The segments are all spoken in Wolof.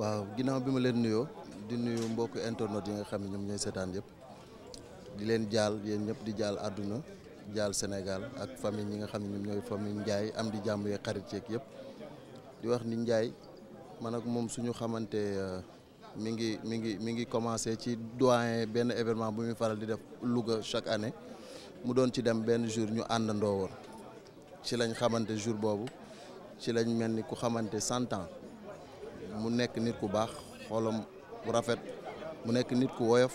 waaw ginnaaw bi ma leen nuyoo di nuyoo mbokk internet yi nga xam ne ñoom ñooy seetaan yëpp di leen jaal yéen ñëpp di jaal àdduna jaal Sénégal ak famille ñi nga xam ne ñoom ñooy famille Ndiaye am di jàmm yeeg xarit yeeg yëpp di wax ni njaay man ak moom suñu xamante euh, mi ngi mi ngi mi ngi commencé ci doyen benn événement bu muy faral di def Louga chaque année mu doon ci dem benn jour ñu àndandoo woon ci lañ xamante jour boobu ci lañ mel ni ku xamante cent ans mu nekk nit ku baax xoolam rafet mu nekk nit ku woyof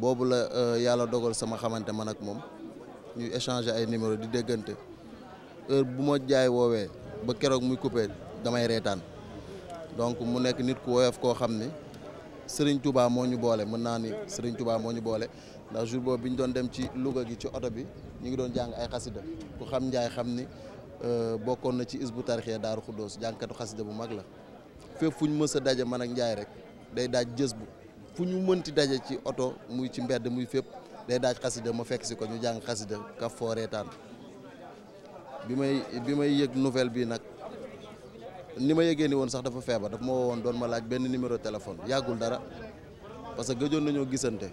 boobu la euh, yàlla dogal sama xamante man ak moom ñu échanger ay numéro di déggante heure bu ma jaay woowee ba keroog muy coupé damay reetaan donc mu nekk nit ku woyof koo xam ni sëriñ Touba moo ñu boole mën naa ni Serigne Touba moo ñu boole ndax jour boobu bi ñu doon dem ci Louga gi ci oto bi ñu ngi doon jàng ay xasida ku xam njaay xam ni. Euh, bokkoon na ci isbu tarixee daaru xuddoos jànkatu xasida bu mag la fépp fu ñu mës a daje man ak njaay rek day daaj jës bu fu ñu mënti daje ci oto muy ci mbedd muy fépp day daaj xasida ma fekk si ko ñu jàng xasida ka fooreetaan bi may bi may yëg nouvelle bi nag ni ma yëgee ni woon sax dafa feebar daf ma woon doon ma laaj benn numéro téléphone yàggul dara parce que gëjoon nañoo gisante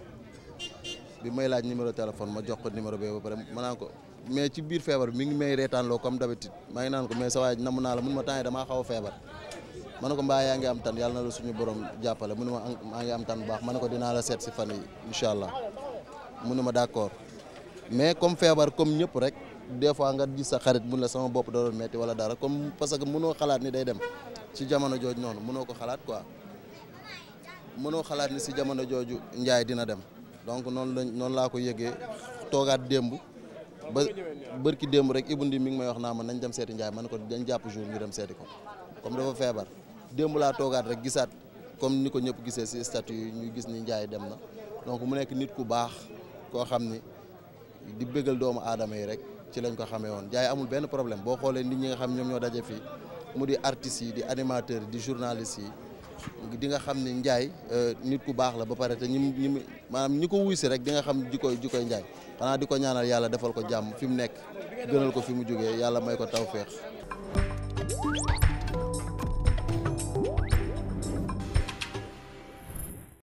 bi may laaj numéro téléphone ma jox ko numéro bee ba pare ma naa ko mais ci biir feebar bi mi ngi may reetaanloo comme d'habitude maa ngi naan ko mais sa waay namm naa la mun ma temps yi damaa xaw a feebar ma ne ko mbaa yaa ngi am tan yàlla na la suñu borom jàppale mu ne maa ngi am tan baax ma ne ko dinaa la seet si fan yi incha allah mu ne ma mais comme feebar comme ñëpp rek des fois nga gis sa xarit mun la sama bopp da doon metti wala dara comme parce que mënoo xalaat ni day dem ci jamono jooju noonu mënoo ko xalaat quoi mënoo xalaat ni si jamono jooju njaay dina dem donc noonu la noonu laa ko yëgee toogaat démb ba bërki démb rek ibundi mi ngi may wax naa ma nañ dem seeti Ndiaye ma ne ko dañ jàpp jour ñu dem seeti ko comme dafa feebar démb laa toogaat rek gisaat comme ni ko ñëpp gisee si statut yi ñu gis ni Ndiaye dem na donc mu nekk nit ku baax koo xam ni di bëggal doomu adama yi rek ci lañ ko xamee woon Ndiaye amul benn problème boo xoolee nit ñi nga xam ñoom ñoo daje fii mu di artistes yi di animateurs yi di journalistes yi di nga xam ne Ndiaye euh, nit ku baax la ba pare te ñi ñi maanaam ñi ko wuy si rek di nga xam ji koy ji koy Ndiaye xanaa di ko ñaanal yàlla defal ko jàmm fi mu nekk gënal ko fi mu jógee yàlla may ko taw feex